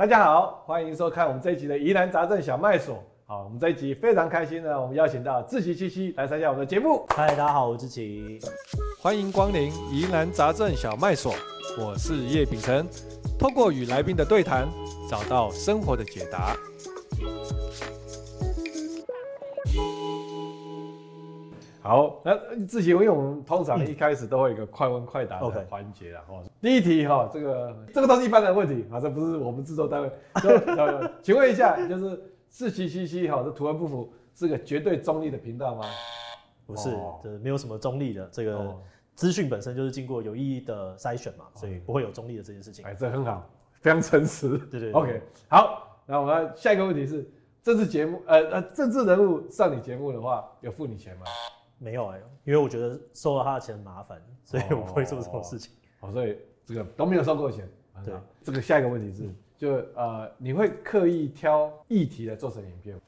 大家好，歡迎收看我們這一集的《疑難雜症小賣所》。好，我們這一集非常開心呢，我們邀請到志祺七七來參加我們的節目。嗨，大家好，我是志祺。歡迎光臨《疑難雜症小賣所》，我是葉丙成，透過與來賓的對談，找到生活的解答。好，那志祺，因為我們通常一開始都會有一個快問快答的環節然哈。第一題哈、哦，這個這個都是一般的問題啊，這不是我們制作單位 就。請問一下，就是志祺七七哈，這圖文不符，是個絕對中立的頻道嗎？不是，這、哦就是、沒有什麼中立的，這個資訊本身就是經過有意義的篩選嘛、哦，所以不會有中立的這件事情。哎，這很好，非常誠實。 對對，對，對，OK。好，那我們下一個問題是，政治節目呃呃，政治人物上你節目的話，有付你錢嗎？沒有哎、欸，因為我覺得收了他的錢很麻煩，所以我不會做這種事情。好，所以這個都沒有收過錢。啊、對，這個下一個問題是，就呃，你會刻意挑議題來做成影片嗎？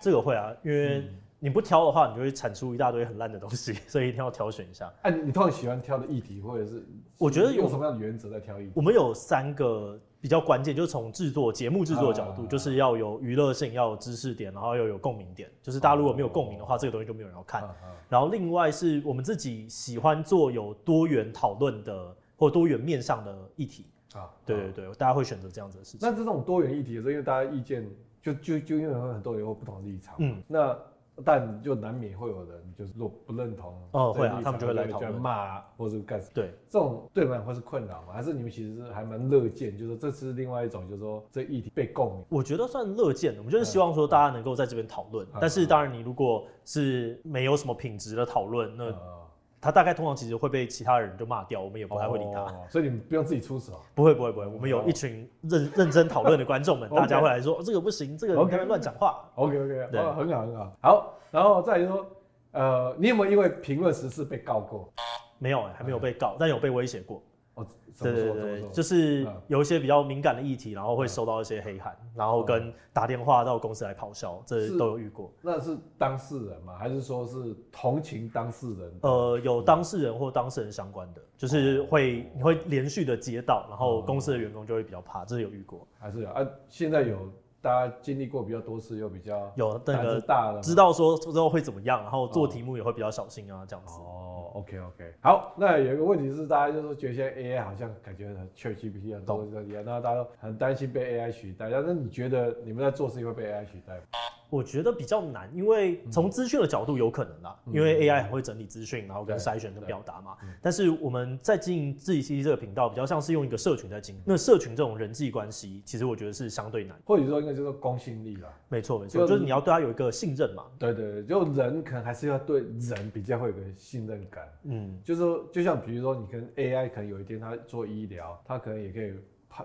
這個會啊，因為你不挑的話，你就會產出一大堆很爛的東西，所以一定要挑選一下。哎、嗯啊，你通常喜歡挑的議題，或者是，是我覺得有什麼樣的原則在挑議題？我們有三個。比較關鍵就是從製作節目製作的角度，啊、就是要有娛樂性、啊，要有知識點，然後又有，有共鳴點。就是大家如果沒有共鳴的話、啊，這個東西就沒有人要看、啊啊。然後另外是我們自己喜歡做有多元討論的或多元面上的議題啊，對對對，大家會選擇這樣子的事情、啊。那這種多元議題的時候，因為大家意見就就就因為很多人有不同的立場，嗯，那。但就難免會有人就是若不認同哦，會啊，他們就會來討論罵或者幹什麼？對這種，對你會是困擾嗎？還是你們其實是還蠻樂見，就是說這次是另外一種，就是說這議題被共鳴？我覺得算樂見的。我們就是希望說大家能夠在這邊討論，但是當然你如果是沒有什麼品質的討論，那。他大概通常其實會被其他人就罵掉，我們也不太會理他，哦、所以你們不用自己出手。不會不會不會，我們有一群認、哦、認真討論的觀眾們， 大家會來說、 哦，這個不行，這個你該亂講話。OK OK，okay，對、哦，很好很好。好，然後再來說，呃，你有沒有因為評論時事被告過？沒有、欸、還沒有被告，嗯、但有被威脅過。哦，對對對，就是有一些比較敏感的議題，然後會收到一些黑函，嗯、然後跟打電話到公司來咆哮，這都有遇過。那是當事人嗎？還是說是同情當事人？呃，有當事人或當事人相關的，嗯、就是會、嗯、你會連續的接到，然後公司的員工就會比較怕，嗯、這是有遇過，還是有啊？現在有大家經歷過比較多次，又比較有那個大了，知道說之後會怎麼樣，然後做題目也會比較小心啊，這樣子。哦。OK OK，好，那有一個問題是，大家就是說，覺得現在 AI 好像感覺很 ChatGPT 很多，這樣，然後大家都很擔心被 AI 取代。但是你覺得你們在做事情會被 AI 取代嗎？我覺得比較難，因為從資訊的角度有可能啦。嗯、因為 AI 很會整理資訊，然後跟篩選跟表達嘛、嗯。但是我們在經營自己這個頻道，比較像是用一個社群在經營。那社群這種人際關係，其實我覺得是相對難，或者說應該叫做公信力啦。沒錯，沒錯，就是你要對他有一個信任嘛。對對，對就人可能還是要對人比較會有個信任感。嗯，就是說就像比如說，你跟 AI 可能有一天他做醫療，他可能也可以。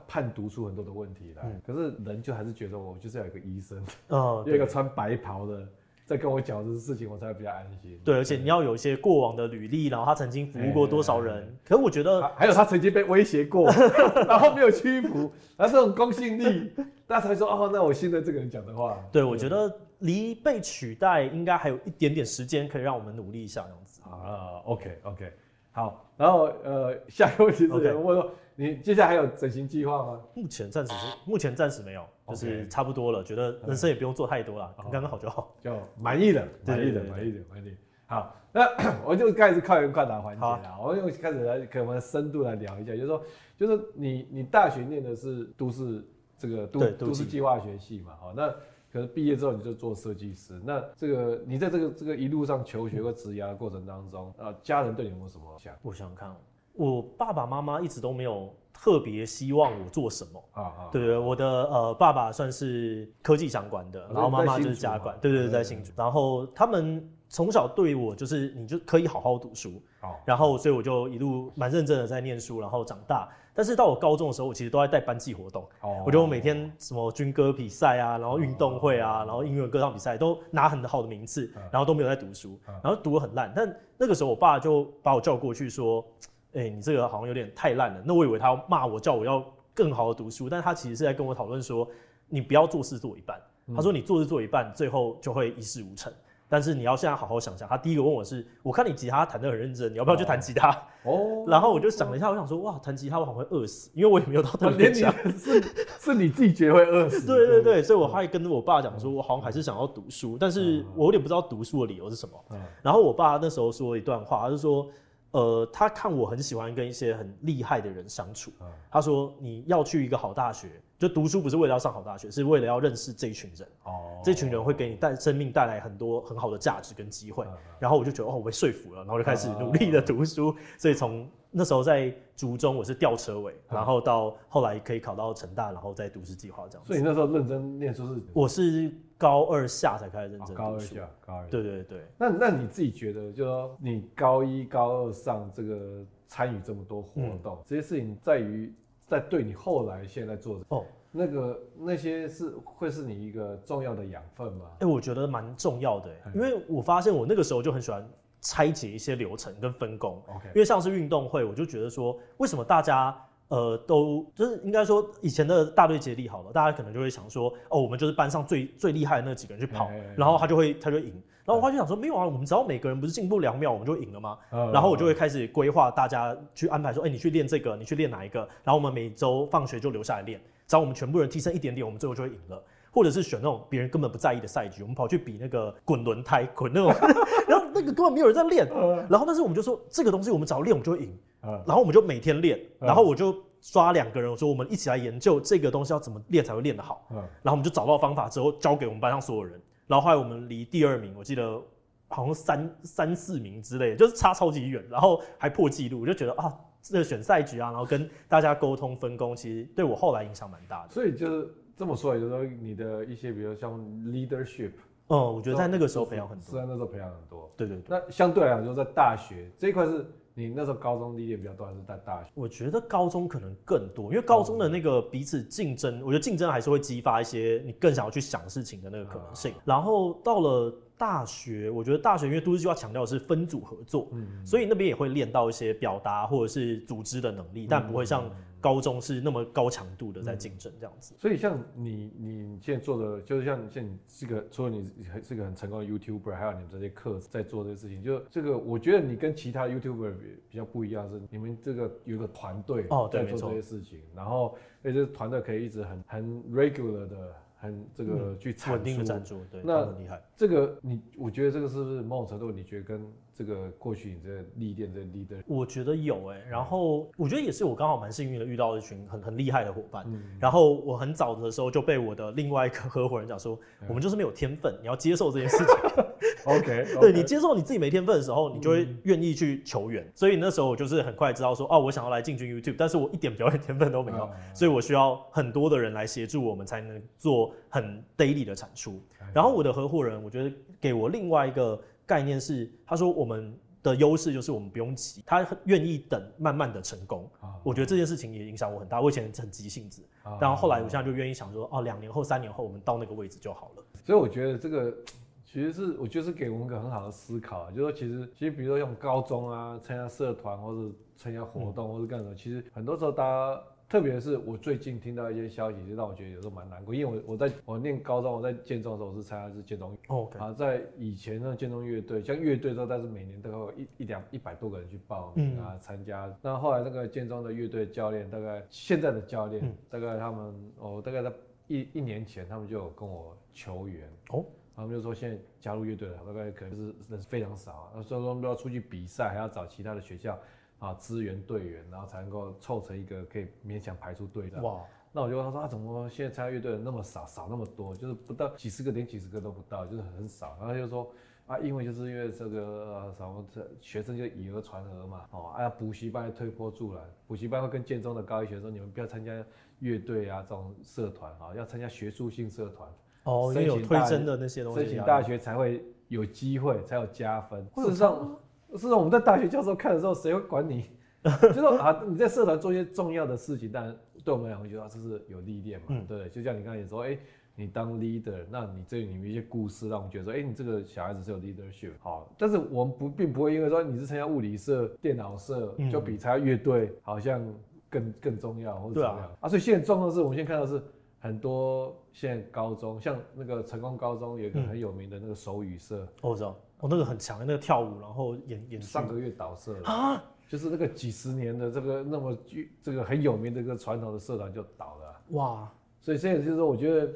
判讀出很多的問題來、嗯，可是人就還是覺得我就是要有一個醫生，嗯，有一個穿白袍的在跟我講這些事情，我才會比較安心對。對，而且你要有一些過往的履歷，然後他曾經服務過多少人，嗯、可是我覺得還有他曾經被威脅過， 然後沒有屈服，那這種公信力，大 家才說哦，那我現在這個人講的話，對，對我覺得離被取代應該還有一點點時間，可以讓我們努力一下，這樣子啊，OK OK，好，然後呃，下一個問題是、OK、我說。你接下來還有整形計劃嗎？目前暫時是，目前暫時沒有，就是差不多了，okay, 覺得人生也不用做太多了，剛剛好就好，就滿意了，滿意了，滿意了，滿意。好，那我就開始一個跨答環節了，我就開始，看來，看來、啊、開始來，跟我們深度來聊一下，就是說，就是你，你大學念的是都市這個都都市計劃學系嘛，好、喔，那可能畢業之後你就做設計師，那這個你在這個這個一路上求學和職業的過程當中，呃、嗯啊，家人對你有,沒有什麼想？不想看。我爸爸媽媽一直都沒有特別希望我做什麼啊啊！對不對？啊我的呃爸爸算是科技相關的，啊、然後媽媽就是家管，啊、對對對，在新竹。然後他們從小對我就是你就可以好好讀書，啊、然後所以我就一路蠻認真的在念書，然後長大。啊、但是到我高中的時候，我其實都在帶班級活動，啊、我覺得我每天什麼軍歌比賽啊，然後運動會啊，啊然後音樂歌唱比賽、啊、都拿很好的名次，然後都沒有在讀書，啊、然後讀得很爛、啊。但那個時候，我爸就把我叫過去說。哎、欸，你這個好像有點太爛了。那我以為他要罵我，叫我要更好的讀書，但他其實是在跟我討論說，你不要做事做一半、嗯。他說你做事做一半，最後就會一事無成。但是你要現在好好想想。他第一個問我是，我看你吉他彈的很認真，你要不要去彈吉他？哦。然後我就想了一下，我想說，哇，彈吉他我好像會餓死，因為我也沒有到談吉他你是。是你自己覺得會餓死？ 對對對，所以我還跟着我爸講說，我好像還是想要讀書，但是我有點不知道讀書的理由是什麼。嗯、然後我爸那時候說了一段話，他就說。呃，他看我很喜歡跟一些很厲害的人相處，嗯，他說你要去一個好大學。就讀書不是為了要上好大學，是為了要認識這一群人。哦、oh，這群人會給你帶生命帶來很多很好的價值跟機會。Oh、然後我就覺得，哦，我被說服了，然後就開始努力的讀書。Oh、所以從那時候在竹中我是吊車尾，oh、然後到後來可以考到成大，然後再讀都市計劃這樣。所以那時候認真念書是？我是高二下才開始認真念書。Oh, 高二下，高二。對對對。那那你自己覺得，就說你高一高二上這個參與這麼多活動，嗯、這些事情在於？在對你後來現在做的哦，那個那些是會是你一個重要的養分嗎？哎、欸，我覺得蠻重要的、欸，因為我發現我那個時候就很喜歡拆解一些流程跟分工。因為上次運動會，我就覺得說，為什麼大家？呃，都就是應該說以前的大隊接力好了，大家可能就會想說，哦，我們就是班上最最厲害的那幾個人去跑，然後他就會他就贏，然後我就想說，沒有啊，我們只要每個人不是進步兩秒我們就贏了嘛。然後我就會開始規劃大家去安排說，哎、欸，你去練這個，你去練哪一個，然後我們每週放學就留下來練，只要我們全部人提升一點點，我們最後就會贏了。或者是選那種別人根本不在意的賽局，我們跑去比那個滾輪胎，滾那種，然後那個根本沒有人在練，然後但是我們就說，這個東西我們只要練，我們就會贏。然後我們就每天練，然後我就抓兩個人，我說我們一起來研究這個東西要怎麼練才會練得好，然後我們就找到方法之後交給我們班上所有人，然後後來我們離第二名，我記得好像三三四名之類，就是差超級遠，然後還破紀錄，我就覺得啊，這個選賽局啊，然後跟大家溝通分工，其實對我後來影響蠻大的，所以就是。這麼說，也就是說你的一些，比如像 leadership，嗯，我覺得在那個時候培養很多，是在那時候培養很多，對對對，對。那相對來講，就是在大學這一塊，是你那時候高中歷練比較多，還是在大學？我覺得高中可能更多，因為高中的那個彼此競爭，哦，我覺得競爭還是會激發一些你更想要去想事情的那個可能性，啊。然後到了大學，我覺得大學因為都市計劃強調的是分組合作，嗯，嗯，所以那邊也會練到一些表達或者是組織的能力，嗯嗯但不會像。高中是那麼高強度的在競爭，這樣子、嗯。所以像你，你現在做的就是像現在你是個，除了你是個很成功的 YouTuber，還有你們這些課在做這些事情。就這個，我覺得你跟其他 YouTuber 比較不一樣是，是你們這個有個團隊在做這些事情，哦、然後而且團隊可以一直很很 regular 的，很這個去穩、嗯、定的贊助，對，那很厲害。這個你，我覺得這個是不是某種程度你覺得跟？這個過去你在歷練，在歷練，我覺得有哎、欸，然後我覺得也是我剛好蠻幸運的，遇到一群很很厲害的夥伴。然後我很早的時候就被我的另外一個合夥人講說，我們就是沒有天分，你要接受這件事情。 Okay, OK，對，你接受你自己沒天分的時候，你就會願意去求援。所以那時候我就是很快知道說，哦，我想要來進軍 YouTube，但是我一點表演天分都沒有，所以我需要很多的人來協助我們才能做很 daily 的產出。然後我的合夥人，我覺得給我另外一個。概念是，他說我們的優勢就是我們不用急，他願意等，慢慢的成功。啊，我覺得這件事情也影響我很大。我以前很急性子，然、啊、後後來我現在就願意想說，哦、啊，兩年後、三年後，我們到那個位置就好了。所以我覺得這個其實是我覺得是給我們一個很好的思考啊，就是說其實其實比如說用高中啊參加社團或者參加活動、嗯、或者幹什麼，其實很多時候大家。特別是我最近聽到一些消息，就讓我覺得有時候蠻難過。因為我在我在我念高中，我在建中的時候，我是參加是建中。哦、okay.。啊，在以前呢，建中樂隊像樂隊都，但是每年都有一一兩一百多個人去報名啊參、嗯、加。那後，後來那個建中的樂隊教練，大概現在的教練、嗯，大概他們哦，大概在一一年前他們就有跟我求援。哦。他們就說現在加入樂隊了，大概可能是人非常少、啊，那所以說都要出去比賽，還要找其他的學校。啊，支援隊員，然後才能夠湊成一個可以勉強排出隊的。哇、wow.，那我就問他說啊，怎麼現在參加樂隊的那麼少，少那麼多，就是不到幾十個，連幾十個都不到，就是很少。然後他就說啊，因為就是因為這個、啊、什麼學生就以訛傳訛嘛，哦，啊，補習班推波助瀾，補習班會跟建中的高一學生你們不要參加樂隊啊，這種社團啊，要參加學術性社團。哦、oh,，也有推甄的那些東西。申請大學才會有機會，才有加分，事實上。是說我們在大學教授看的時候，誰會管你？ 就說啊，你在社團做一些重要的事情，當然對我們來講覺得這是有歷練嘛、嗯，對，就像你剛才也說，哎，你當 leader，那你這裡，裡面一些故事，讓我們覺得說，哎，你這個小孩子是有 leadership。好，但是我們不並不會因為說你是參加物理社、電腦社，就比參加樂隊好像更更重要或者怎麼樣。啊，所以現在重要的是我們現在看到的是很多現在高中，像那個成功高中有一個很有名的那個手語社、嗯，哦，那個很強的那個跳舞，然後演演上個月倒社了啊，就是那個幾十年的這個那麼巨這個很有名的一個傳統的社團就倒了哇，所以現在就是說，我覺得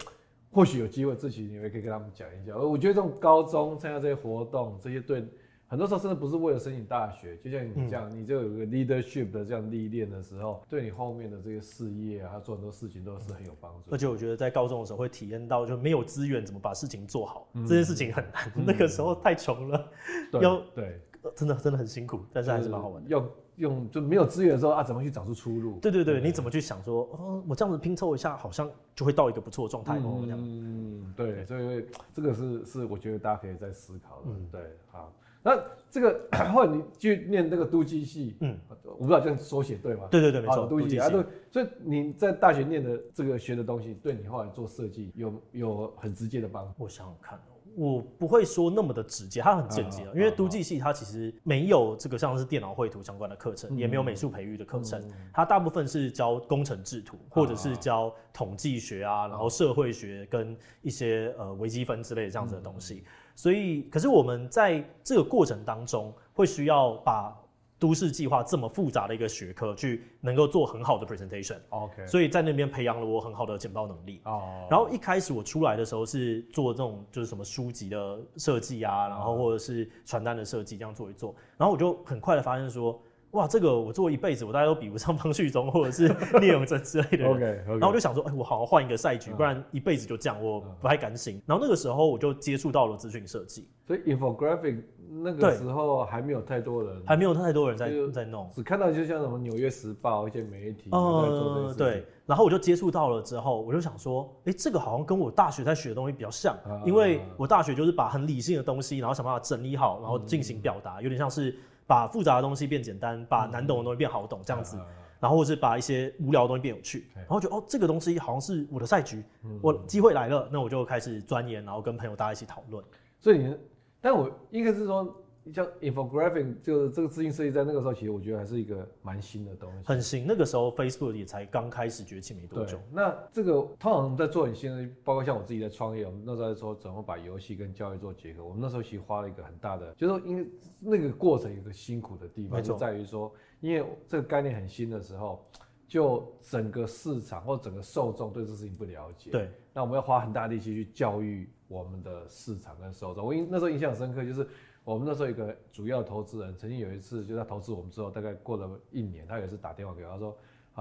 或許有機會，自己也可以跟他們講一講。我覺得這種高中參加這些活動，這些對。很多時候真的不是為了申請大學，就像你這樣，你就有一個 leadership 的這樣歷練的時候、嗯，對你後面的這個事業啊，做很多事情都是很有幫助。而且我覺得在高中的時候會體驗到，就沒有資源怎麼把事情做好，嗯、這件事情很難、嗯。那個時候太窮了，對、要對、喔、真的真的很辛苦，但是還是蠻好玩的。就是、要用就沒有資源的時候啊，怎麼去找出出路？對對對、嗯，你怎麼去想說，喔、我這樣子拼湊一下，好像就會到一個不錯的狀態，嗯、對對，對，所以這個是是我覺得大家可以在思考的。嗯、對，好。那這個後來你去念那個都計系，嗯，我不知道這樣縮寫對嗎？對對對，啊、沒錯，都計系、都計系啊，對。所以你在大學念的這個學的東西，對你後來做設計有有很直接的幫助？我想想看，我不會說那麼的直接，它很間接啊。因為都計系它其實沒有這個像是電腦繪圖相關的課程、嗯，也沒有美術培育的課程、嗯，它大部分是教工程制圖，或者是教統計學啊，然後社會學跟一些、嗯、呃微積分之類這樣子的東西。嗯嗯所以，可是我們在這個過程當中，會需要把都市計劃這麼複雜的一個學科，去能夠做很好的 presentation。OK，所以在那邊培養了我很好的簡報能力。哦。然後一開始我出來的時候是做這種就是什麼書籍的設計啊，然後或者是傳單的設計，這樣做一做，然後我就很快的發現說。哇，這個我做了一輩子，我大概都比不上方序中或者是聶永真之類的 OK，OK。 okay, okay. 然後我就想說，哎、欸，我好好換一個賽局，嗯、不然一輩子就這樣，我不太敢行。然後那個時候我就接觸到了資訊設計，嗯、所以 infographic 那個時候還沒有太多人，嗯、還沒有太多人在、就是、在弄，只看到就像什麼《紐約時報》一些媒體、嗯嗯、在做這些對，然後我就接觸到了之後，我就想說，哎、欸，這個好像跟我大學在學的東西比較像、嗯，因為我大學就是把很理性的東西，然後想辦法整理好，然後進行表達，嗯、有點像是。把複雜的東西變簡單，把難懂的東西變好懂、嗯，這樣子、啊，然後或是把一些無聊的東西變有趣，然後就哦，這個東西好像是我的賽局，嗯、我機會來了，那我就開始鑽研，然後跟朋友大家一起討論。所以你，但我因個是說。像 infographic 就這個資訊設計，在那個時候，其實我覺得還是一個蠻新的東西。很新，那個時候 Facebook 也才剛開始崛起沒多久。那這個通常在做很新的，包括像我自己在創業，我們那時候在說怎麼把遊戲跟教育做結合。我們那時候其實花了一個很大的，就是說，因為那個過程有個辛苦的地方，就在於說，因為這個概念很新的時候，就整個市場或整個受眾對這事情不了解。對。那我們要花很大力氣去教育我們的市場跟受眾。我因那時候印象很深刻就是。我們那時候一個主要投資人，曾經有一次就他投資我們之後，大概過了一年，他也是打電話給我他說：“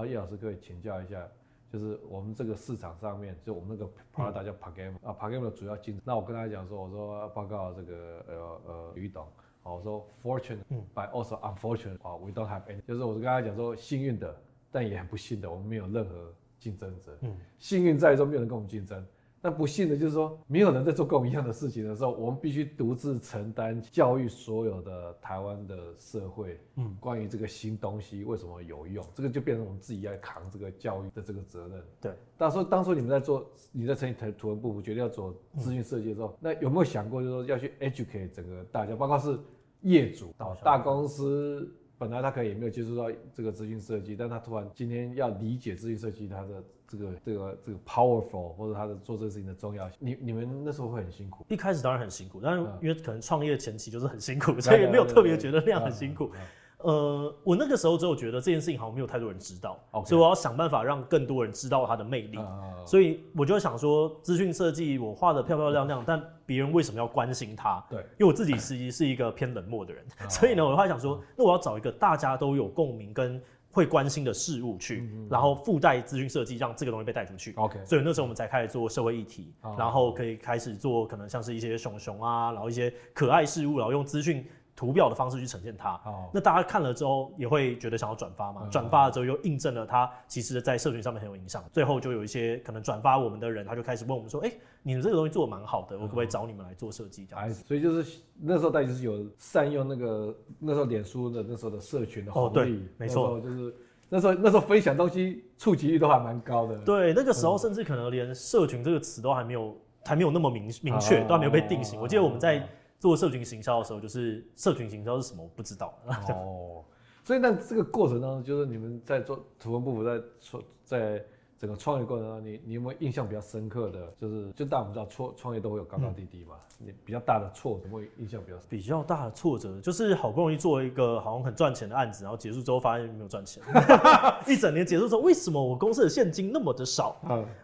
葉老師可以請教一下，就是我們這個市場上面，就我們那個 product 叫 PaGamO 啊 PaGamO 的主要競爭。”那我跟他講說：“我說報告這個呃呃，於董，我說 Fortune but also unfortunate 啊，we don't have any。”就是我跟他講說，幸運的，但也很不幸的，我們沒有任何競爭者。嗯，幸運在於說沒有人跟我們競爭。那不幸的就是說，沒有人在做跟我們一樣的事情的時候，我們必須獨自承擔教育所有的台灣的社會，嗯，關於這個新東西為什麼有用，這個就變成我們自己要扛這個教育的這個責任。對，當初當初你們在做，你在成立圖文不符，決定要做資訊設計的時候，嗯，那有沒有想過，就是說要去 educate 整個大家，包括是業主到大，大公司。本來他可能也沒有接觸到這個資訊設計，但他突然今天要理解資訊設計它的這個這個這個 powerful，或者他的做這個事情的重要性。你你們那時候會很辛苦？一開始當然很辛苦，但是因為可能創業前期就是很辛苦，所以也沒有特別覺得那樣很辛苦。 呃，我那個時候只有覺得這件事情好像沒有太多人知道，okay. 所以我要想辦法讓更多人知道它的魅力。Uh -huh. 所以我就想說，資訊設計我畫得漂漂亮亮，uh -huh. 但別人為什麼要關心它？對、uh -huh.，因為我自己實際是一個偏冷漠的人，uh -huh. 所以呢，我話想說，那我要找一個大家都有共鳴跟會關心的事物去，uh -huh. 然後附帶資訊設計，讓這個東西被帶出去。OK，所以那時候我們才開始做社會議題，uh -huh. 然後可以開始做可能像是一些熊熊啊，然後一些可愛事物，然後用資訊。圖表的方式去呈現它。哦，那大家看了之後也會覺得想要轉發嘛。轉、嗯、發了之後又印證了它其實在社群上面很有影響。最後就有一些可能轉發我們的人，他就開始問我們說：“哎、欸，你們這個東西做的蠻好的，我可不可以找你們來做設計？”這樣子、啊。所以就是那時候大家就是有善用那個那時候臉書的那時候的社群的紅利，沒、哦、錯，就是那時候、就是、那時候、那時候分享東西觸及率都還蠻高的。對，那個時候甚至可能連社群這個詞都還沒有、嗯、還沒有那麼明明確、哦，都還沒有被定型。哦、我記得我們在。做社群行銷的時候，就是社群行銷是什麼？我不知道。哦， 所以那這個過程當中，就是你們在做圖文不符，在創，在整個創業過程當中，你你有沒有印象比較深刻的？就是就大家我們知道，創創業都會有高高低低嘛。你比較大的挫，怎麼會印象比較？嗯、比較大的挫折就是好不容易做一個好像很賺錢的案子，然後結束之後發現沒有賺錢 一整年結束之後，為什麼我公司的現金那麼的少？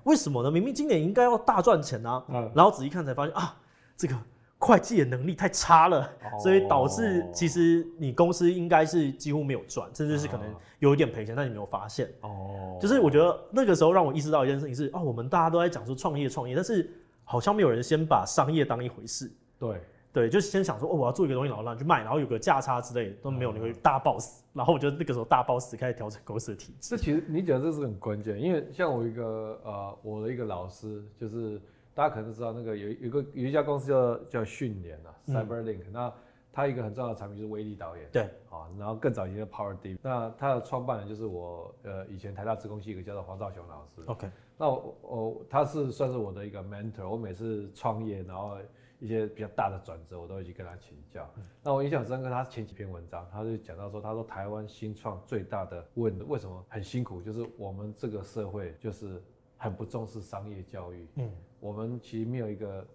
為什麼呢？明明今年應該要大賺錢啊。然後仔細看才發現啊，這個。會計的能力太差了，所以導致其實你公司應該是幾乎沒有賺，甚至是可能有一點賠錢，但你沒有發現。哦，就是我覺得那個時候讓我意識到一件事情是，哦，我們大家都在講說創業創業，但是好像沒有人先把商業當一回事。對，對，就是先想說哦、喔，我要做一個東西，然後讓去賣，然後有個價差之類都沒有，你會大爆死。然後我覺得那個時候大爆死開始調整公司的體質。這其實你覺得這是很關鍵，因為像我一個呃，我的一個老師就是。大家可能知道那個有有個有一家公司叫叫訊連啊，Cyberlink，嗯。那它一個很重要的產品就是威力導演，對啊。然後更早以前的 PowerDVD，那它的創辦人就是我呃以前台大資工系一個叫做黃兆雄老師。OK。那我，我他是算是我的一個 mentor，我每次創業然後一些比較大的轉折我都一直跟他請教，嗯。那我印象深刻，他是前幾篇文章他就講到說，他說台灣新創最大的問為什麼很辛苦，就是我們這個社會就是很不重視商業教育，嗯，我們其實沒有一個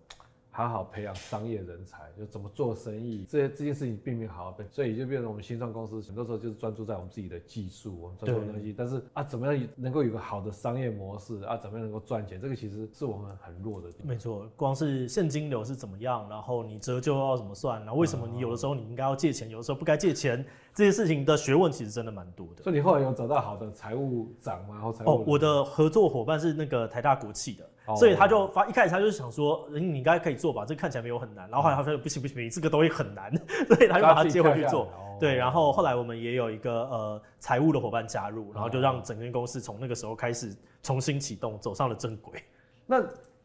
好好培養商業人才，就怎麼做生意，這些這些事情並沒有好好被，所以就變成我們新創公司很多時候就是專注在我們自己的技術，我們專注在東西，但是啊，怎麼樣能夠有個好的商業模式啊，怎麼樣能夠賺錢，這個其實是我們很弱的地方。沒錯，光是現金流是怎麼樣，然後你折舊要怎麼算，然後為什麼你有的時候你應該要借錢，有的時候不該借錢。這些事情的學問其實真的蠻多的。所以你後來有找到好的財務長嗎？然後才哦，我的合作夥伴是那個台大國企的，哦、所以他就發一開始他就想說，嗯、你應該可以做吧，這看起來沒有很難。然後後來他說、嗯、不行不行，不行，這個東西很難， 所以他就把他接回去做。對，然後後來我們也有一個呃財務的夥伴加入，然後就讓整間公司從那個時候開始重新啟動，走上了正軌。那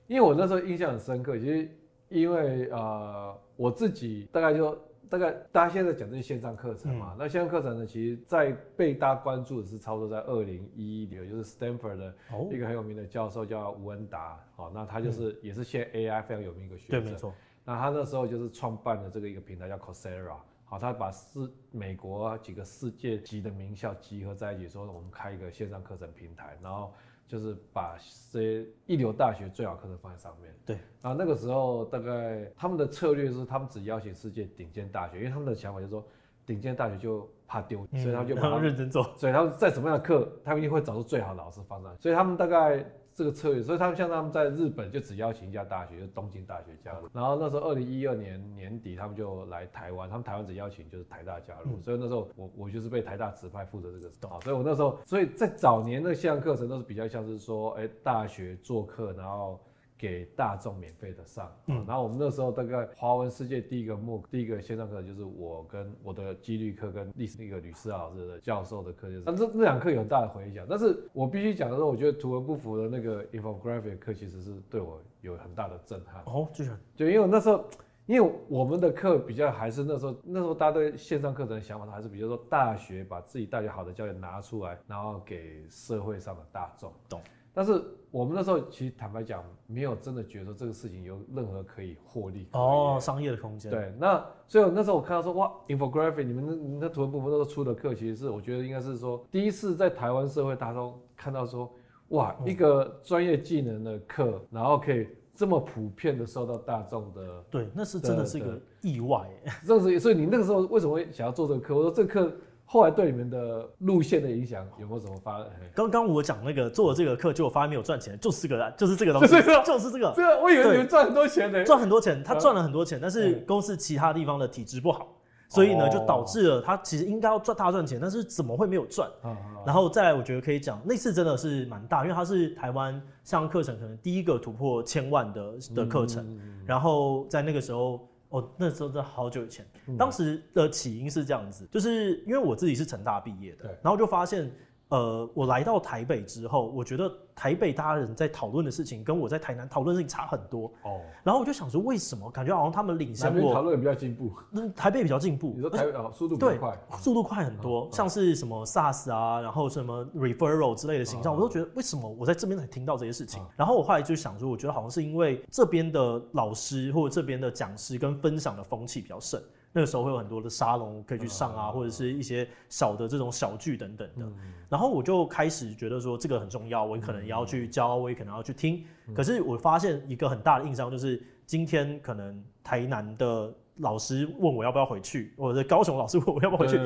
因為我那時候印象很深刻，其實因為呃我自己大概就。大概大家現在講這些線上課程嘛、嗯，那線上課程呢，其實在被大家關注的是差不多在二零一一年，就是 Stanford 的一個很有名的教授叫吳恩達，好、哦哦，那他就是、嗯、也是現 AI 非常有名一個學者，對，沒錯。那他那時候就是創辦了這個一個平台叫 Coursera，好、哦，他把世美國幾個世界級的名校集合在一起，說我們開一個線上課程平台，然後。就是把這些一流大學最好課程放在上面。對，然後那個時候大概他們的策略是，他們只邀請世界頂尖大學，因為他們的想法就是說，頂尖大學就怕丟，所以他們就非常認真做。所以他們在什麼樣的課，他們一定會找出最好的老師放在。所以他們大概。這個策略，所以他們像他們在日本就只邀請一家大學，就是、東京大學加入。Okay. 然後那時候二零一二年年底，他們就來台灣，他們台灣只邀請就是台大加入。嗯、所以那時候我我就是被台大指派負責這個事啊、嗯。所以我那時候所以在早年的線上課程都是比較像是說，哎、欸，大學做課，然後。給大眾免費的上，嗯，然後我們那時候大概華文世界第一個 MOOC 第一個線上課就是我跟我的機率課跟歷史那個呂思老師的教授的課，那這兩課有很大的回響。但是我必須講的是，我覺得圖文不符的那個 infographic 課其實是對我有很大的震撼。哦，就是，對，因為那時候，因為我們的課比較還是那時候那時候大家對線上課程的想法，它還是比較說大學把自己大學好的教育拿出來，然後給社會上的大眾。懂。但是我們那時候其實坦白講，沒有真的覺得這個事情有任何可以獲利哦，商業的空間。對，那所以我那時候我看到說，哇，infographic 你們那那圖文部分都出的課，其實是我覺得應該是說第一次在台灣社會大眾，看到說，哇，嗯、一個專業技能的課，然後可以這麼普遍的受到大眾的，對，那是真的是一個意外耶。這所以你那個時候為什麼會想要做這個課？我說這課。後來對你們的路線的影響有沒有什麼發？剛剛我講那個做了這個課，結果發現沒有賺錢，就是這個就是這個東西，就 是就是這個。 這個、 我以為你們賺很多錢呢，賺很多錢。嗯、他賺了很多錢，但是公司其他地方的體質不好、嗯，所以呢、哦、就導致了他其實應該要賺他賺錢、哦，但是怎麼會沒有賺？啊、哦、然後再來我覺得可以講那次真的是蠻大，因為他是台灣線上課程可能第一個突破千萬的的課程、嗯，然後在那個時候。哦，那時候真的好久以前，當時的起因是這樣子，就是因為我自己是成大畢業的，然後就發現。呃，我來到台北之後，我覺得台北大家人在討論的事情，跟我在台南討論的事情差很多。哦，然後我就想說，為什麼感覺好像他們領先我？台北討論也比較進步。那、嗯、台北比較進步。你說台啊、哦，速度比較快，速度快很多。嗯嗯、像是什麼 SaaS 啊，然後什麼 Referral 之類的形象、嗯，我都覺得為什麼我在這邊才聽到這些事情、嗯？然後我後來就想說，我覺得好像是因為這邊的老師或者這邊的講師跟分享的風氣比較盛。那個時候會有很多的沙龍可以去上啊，或者是一些小的這種小劇等等的。然後我就開始覺得說這個很重要，我可能也要去教，我也可能要去聽。可是我發現一個很大的硬傷就是，今天可能台南的老師問我要不要回去，我的高雄老師問我要不要回去，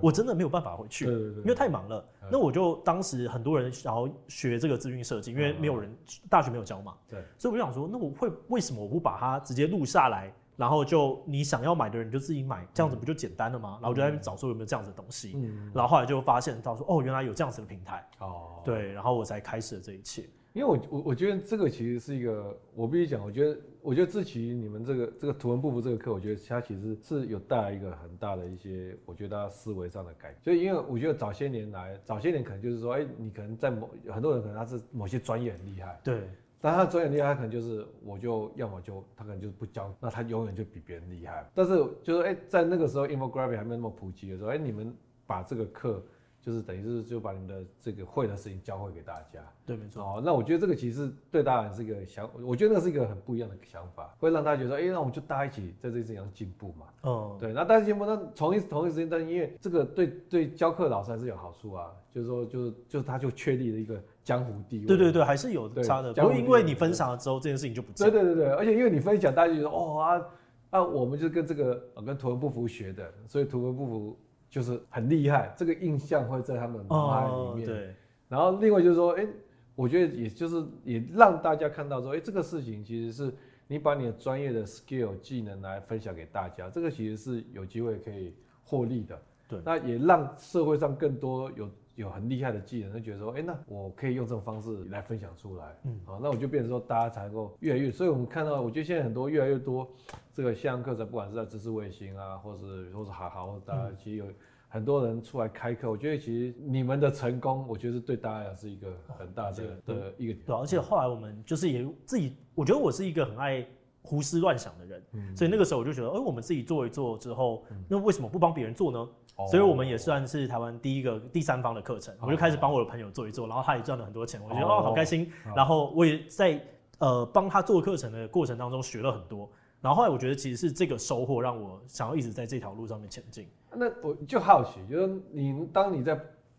我真的沒有辦法回去，因為太忙了。那我就當時很多人想要學這個資訊設計，因為沒有人大學沒有教嘛。對，所以我就想說，那我會為什麼我不把它直接錄下來？然後就你想要買的人你就自己買，這樣子不就簡單了嗎？然後就在那邊找出有沒有這樣子的東西，然後後來就發現到說哦、喔、原來有這樣子的平台哦，嗯嗯嗯嗯對，然後我才開始了這一切。因為我我我覺得這個其實是一個，我必須講，我覺得我覺得志祺你們這個這個圖文不符這個課，我覺得它其實是有帶來一個很大的一些，我覺得大家思維上的改變。所以因為我覺得早些年來，早些年可能就是說，哎、欸，你可能在某很多人可能他是某些專業很厲害，對。但他着眼厲害，他可能就是，我就要麼就，他可能就不教，那他永遠就比別人厲害。但是就是說，哎、欸，在那個時候，infographic 還沒那麼普及的時候，哎、欸，你們把這個課，就是等於是就把你們的這個會的事情教會給大家。對，沒錯。哦，那我覺得這個其實對大家是一個想，我覺得那是一個很不一樣的想法，會讓大家覺得，哎、欸，那我們就大家一起在這這樣進步嘛。哦、嗯，對。那大家進步，那同一同一時間，但是因為這個對對教課老師還是有好處啊，就是說就是就是他就確立了一個。江湖地位，對對對，還是有差的。對不，因為你分享了之後，這件事情就不對，對對對。而且因為你分享，大家就說：“哦啊，啊，我們就跟這個、啊、跟圖文不符學的，所以圖文不符就是很厲害。”這個印象會在他們腦海裡面、哦。對。然後另外就是說，哎、欸，我覺得也就是也讓大家看到說，哎、欸，這個事情其實是你把你的專業的 skill 技能，來分享給大家，這個其實是有機會可以獲利的。對。那也讓社會上更多有。有很厲害的技能，就覺得說，哎、欸，那我可以用這種方式來分享出來，嗯，好，那我就變成說，大家才能夠越來越。所以我們看到，我覺得現在很多越來越多這個線上課程，不管是在知識衛星啊，或者說是 Hahow，大家其實有很多人出來開課。我覺得其實你們的成功，我覺得是對大家是一個很大的、啊的嗯、一個。對、啊，而且後來我們就是也自己，我覺得我是一個很愛胡思亂想的人、嗯，所以那個時候我就覺得，哎、欸，我們自己做一做之後，那為什麼不幫別人做呢？Oh. 所以我們也算是台灣第一個第三方的課程，oh. 我就開始幫我的朋友做一做，然後他也賺了很多錢，我覺得、oh. 哦，好開心，oh. 然後我也在呃幫他做課程的過程當中學了很多，然後後來我覺得其實是這個收穫讓我想要一直在這條路上面前進。那我就好奇，就是你當你在。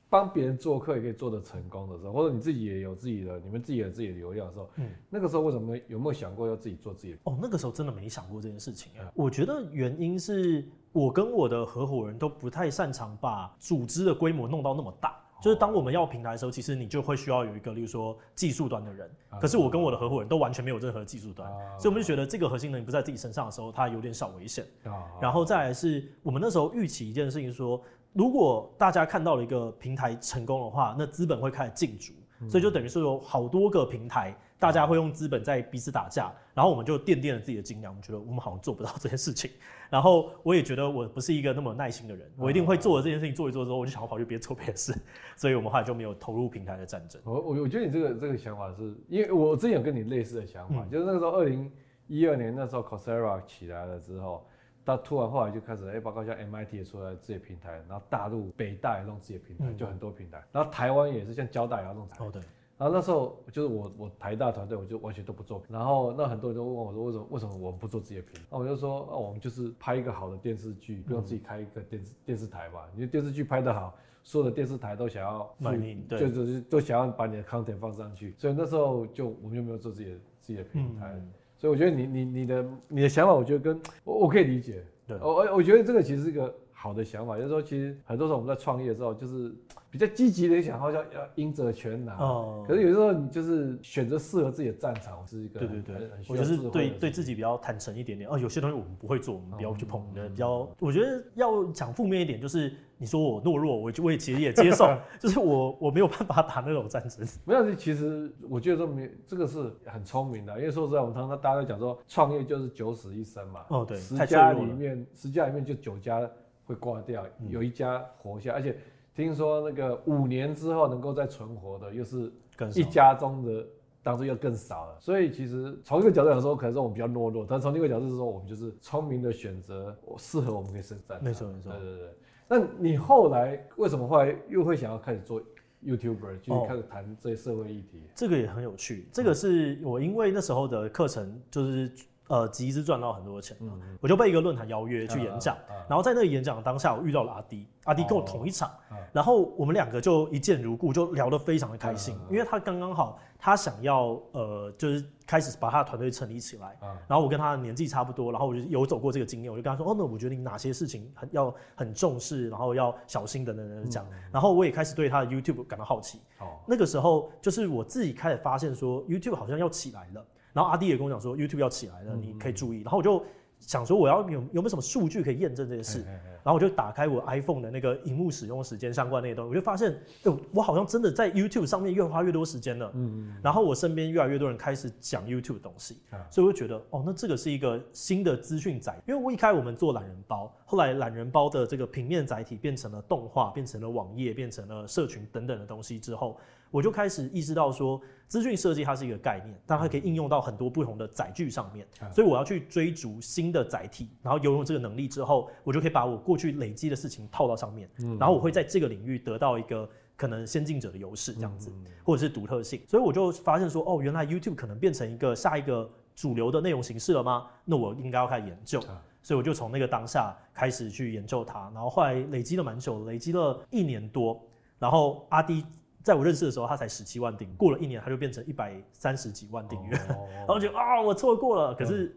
幫別人做客也可以做得成功的時候，或者你自己也有自己的，你們自己有自己的流量的時候，嗯，那個時候為什麼有沒有想過要自己做自己的？哦，那個時候真的沒想過這件事情，啊。我覺得原因是我跟我的合夥人都不太擅長把組織的規模弄到那麼大，哦。就是當我們要平台的時候，其實你就會需要有一個，例如說技術端的人，啊。可是我跟我的合夥人都完全沒有任何技術端，啊，所以我們就覺得這個核心能力不在自己身上的時候，它有點小危險，啊。然後再來是我們那時候預期一件事情說。如果大家看到了一個平台成功的話，那資本會開始競逐，所以就等於是有好多個平台，大家會用資本在彼此打架。然後我們就掂掂了自己的斤兩。我們覺得我們好像做不到這件事情。然後我也覺得我不是一個那麼耐心的人，我一定會做了這件事情做一做之後，我就想跑去別做別的事，所以我們後來就沒有投入平台的戰爭。我我我覺得你這個這個想法是，因為我之前有跟你類似的想法，嗯、就是那個時候二零一二年那時候 Coursera 起來了之後。那突然後來就開始，哎、欸，包括像 MIT 也出來自己的平台，然後大陸北大也弄自己的平台嗯嗯，就很多平台。然後台灣也是像交大也要弄台。哦，對。然後那時候就是我我台大團隊，我就完全都不做。然後那很多人都問我說，為什麼為什麼我們不做自己的平台？那我就說、啊，我們就是拍一個好的電視劇，不用自己開一個電視、嗯、電視台吧？因為電視劇拍得好，所有的電視台都想要反映。對，就是都想要把你的康 t 放上去。所以那時候就我們就沒有做自己的自己的平台。嗯嗯所以我覺得你你你的你的想法，我覺得跟我我可以理解。對，我我我覺得這個其實是一個好的想法。就是說，其實很多時候我們在創業的時候，就是比較積極的想，好像要贏者全拿。哦、嗯。可是有時候你就是選擇適合自己的戰場，是一個。對對對。我就是對對自己比較坦誠一點點。哦，有些東西我們不會做，我們不要去碰、嗯。比較，我覺得要講負面一點，就是你說我懦弱，我就我也其實也接受， 就是我我沒有辦法打那種戰爭。 沒有，其實我覺得這這個是很聰明的，因為說實在，我們常常大家在講說，創業就是九死一生嘛。哦、嗯，對。十家裡面，十家裡面就九家。會掛掉，有一家活下、嗯，而且聽說那個五年之後能夠再存活的，又是更一家中的當中又更少了。所以其實從一個角度來說，可能是我們比較懦弱，但從另一個角度來說，我們就是聰明的選擇，適合我們可以生存。沒錯，沒錯，對對對。那、嗯、你後來為什麼後來又會想要開始做 YouTuber，就是開始談這些社會議題、哦？這個也很有趣。這個是我因為那時候的課程就是。呃，集資賺到很多錢、嗯，我就被一個論壇邀約去演講、啊啊，然後在那個演講的當下，我遇到了阿滴、啊，阿滴跟我同一場，啊啊、然後我們兩個就一見如故，就聊得非常的開心，啊啊啊、因為他剛剛好，他想要呃，就是開始把他的團隊成立起來、啊，然後我跟他的年紀差不多，然後我就有走過這個經驗，我就跟他說，哦，那我覺得你哪些事情很要很重視，然後要小心等等等等講、嗯，然後我也開始對他的 YouTube 感到好奇，啊、那個時候就是我自己開始發現說 YouTube 好像要起來了。然後阿滴也跟我講說，YouTube 要起來了，你可以注意。嗯嗯，然後我就想說，我要有有沒有什麼數據可以驗證這些事嘿嘿嘿？然後我就打開我 iPhone 的那個螢幕使用時間相關那些東西，我就發現、呃，我好像真的在 YouTube 上面越花越多時間了。嗯，嗯，然後我身邊越來越多人開始講 YouTube 東西，嗯、所以我就覺得，哦，那這個是一個新的資訊載體。因為我一開始我們做懶人包，後來懶人包的這個平面載體變成了動畫，變成了網頁，變成了社群等等的東西之後。我就開始意識到說，資訊設計它是一個概念，但它可以應用到很多不同的載具上面。所以我要去追逐新的載體，然後擁有這個能力之後，我就可以把我過去累積的事情套到上面，然後我會在這個領域得到一個可能先進者的優勢，這樣子或者是獨特性。所以我就發現說，哦，原來 YouTube 可能變成一個下一個主流的內容形式了嗎？那我應該要開始研究。所以我就從那個當下開始去研究它，然後後來累積了蠻久，累積了一年多，然後阿滴。在我認識的時候，他才十七萬訂，過了一年，他就變成一百三十幾萬訂閱，oh, oh, oh, oh, oh. 然後就啊，我錯過了，嗯、可是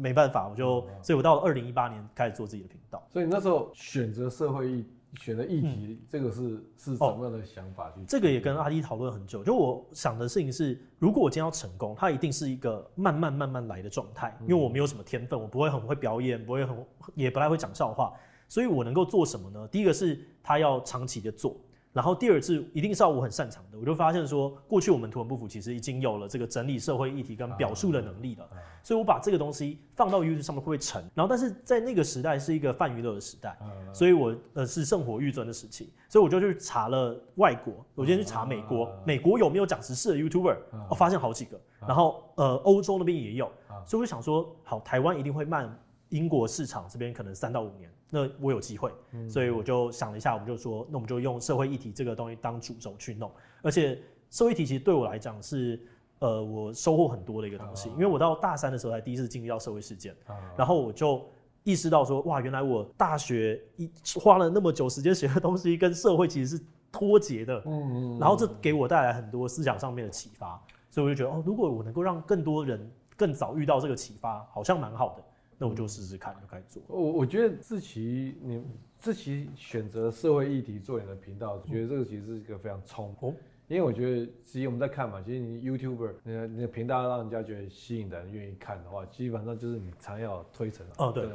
沒辦法，我就，嗯、所以我到了二零一八年開始做自己的頻道。所以那時候選擇社會議，選擇議題、嗯，這個是是什麼樣的想法、哦？這個也跟阿滴討論很久，就我想的事情是，如果我今天要成功，它一定是一個慢慢慢慢來的狀態、嗯，因為我沒有什麼天分，我不會很會表演，不會很也不太會講笑話，所以我能夠做什麼呢？第一個是他要長期的做。然後第二次一定是要我很擅長的，我就發現說，過去我們圖文不符其實已經有了這個整理社會議題跟表述的能力了，啊嗯嗯嗯、所以我把這個東西放到 YouTube 上面會不會沉。然後但是在那個時代是一個泛娛樂的時代，啊嗯、所以我呃是聖火欲尊的時期，所以我就去查了外國，啊嗯、我今天去查美國、啊嗯嗯，美國有沒有講時事的 YouTuber，我、啊嗯哦、發現好幾個，然後呃歐洲那邊也有，所以我就想說好，台灣一定會慢。英國市場這邊可能三到五年，那我有機會，所以我就想了一下，我們就說，那我們就用社會議題這個東西當主軸去弄。而且社會議題其實對我來講是，呃，我收穫很多的一個東西，啊，因為我到大三的時候才第一次經歷到社會事件，啊，然後我就意識到說，哇，原來我大學一花了那麼久時間學的東西，跟社會其實是脫節的。嗯嗯，嗯嗯。然後這給我帶來很多思想上面的啟發，所以我就覺得，哦，如果我能夠讓更多人更早遇到這個啟發，好像蠻好的。那我就試試看，就開始做、嗯。我我覺得志祺你志祺選擇社會議題做你的頻道、嗯，覺得這個其實是一個非常衝、哦。因為我覺得其實我們在看嘛，其實你 YouTuber 那那個頻道讓人家覺得吸引人，願意看的話，基本上就是你常要推陳了、啊。啊、哦，對。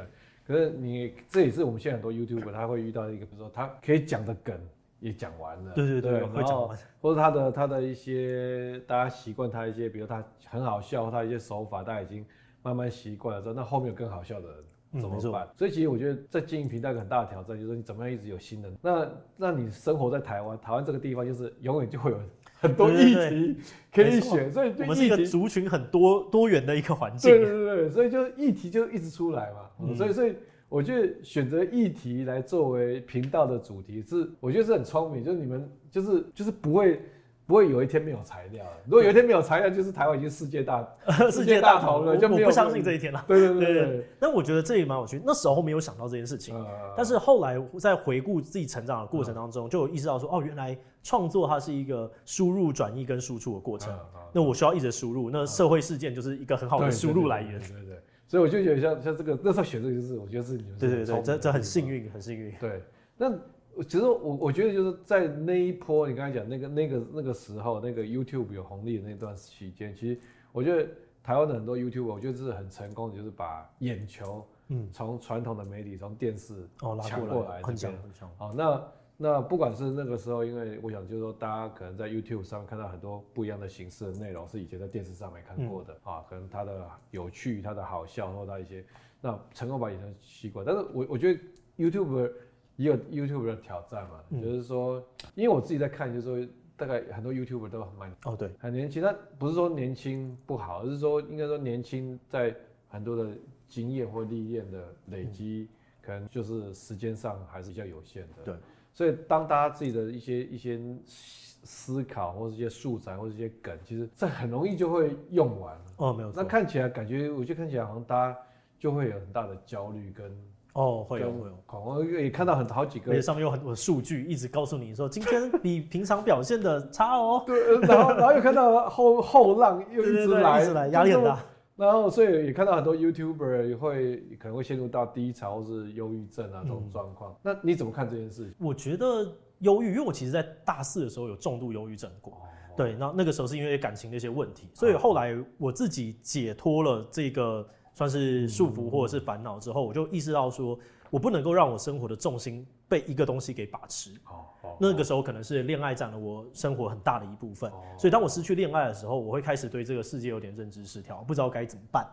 可是你這也是我們現在很多 YouTuber 他會遇到一個，比如說他可以講的梗也講完了，對對對，對會講完，或者他的他的一些大家習慣他一些，比如他很好笑，他一些手法大家已經。慢慢習慣了之後，那後面有更好笑的人怎麼辦、嗯？所以其實我覺得在經營頻道有個很大的挑戰，就是你怎麼樣一直有新人。那那你生活在台灣，台灣這個地方就是永遠就會有很多議題可以選。對對對，可以選，所以我們是一個族群很多多元的一個環境。對對對對，所以就議題就一直出來嘛。嗯、所以所以我覺得選擇議題來作為頻道的主題是，我覺得是很聰明，就是你們就是就是不會。不會有一天沒有材料，如果有一天沒有材料，就是台灣已經世界大 世界大頭了，就我不相信這一天了。對對對對，對。那我覺得這也蠻有趣。那時候沒有想到這件事情，嗯、但是後來在回顧自己成長的過程當中、嗯，就有意識到說，哦，原來創作它是一個輸入、轉移跟輸出的過程、嗯嗯嗯。那我需要一直輸入，那社會事件就是一個很好的輸入來源。對對，對對。所以我就覺得像像這個那時候選這個字，我覺得自己就是，是對，對對對，這這很幸運，很幸運。對。那。其實我我覺得就是在那一波你剛才講那個那個那個時候那個 YouTube 有紅利的那段期間，其實我覺得台灣的很多 YouTuber 我覺得是很成功，就是把眼球，從傳統的媒體從電視、嗯、哦搶過來，很強很強。好、喔，那那不管是那個時候，因為我想就是說大家可能在 YouTube 上看到很多不一樣的形式的內容，是以前在電視上沒看過的啊、嗯喔，可能它的有趣、它的好笑或它一些，那成功把眼球吸過來。但是我我覺得 YouTuber。也有 YouTube 的挑戰嘛，就是說，因為我自己在看，就是說，大概很多 YouTuber 都蠻哦對，很年輕，但不是說年輕不好，而是說應該說年輕在很多的經驗或歷練的累積，可能就是時間上還是比較有限的。對，所以當大家自己的一些一些思考或是一些素材或是一些梗，其實這很容易就會用完了。哦，沒有，那看起來感覺我就看起來好像大家就會有很大的焦慮跟。哦，會有會有，我可以看到很好幾個，上面有很多數據一直告訴你說今天比平常表現的差哦， 對，然後然後又看到後後浪又一直來，對對對一直來壓力很大，然後所以也看到很多 YouTuber 會可能會陷入到低潮或是憂鬱症啊這種狀況，嗯。那你怎麼看這件事情？我覺得憂鬱，因為我其實在大四的時候有重度憂鬱症過，哦哦對，那那個時候是因為感情的一些問題，所以後來我自己解脫了這個。算是束縛或者是煩惱之後，我就意識到說，我不能夠讓我生活的重心被一個東西給把持。那個時候可能是戀愛占了我生活很大的一部分，所以當我失去戀愛的時候，我會開始對這個世界有點認知失調，不知道該怎麼辦。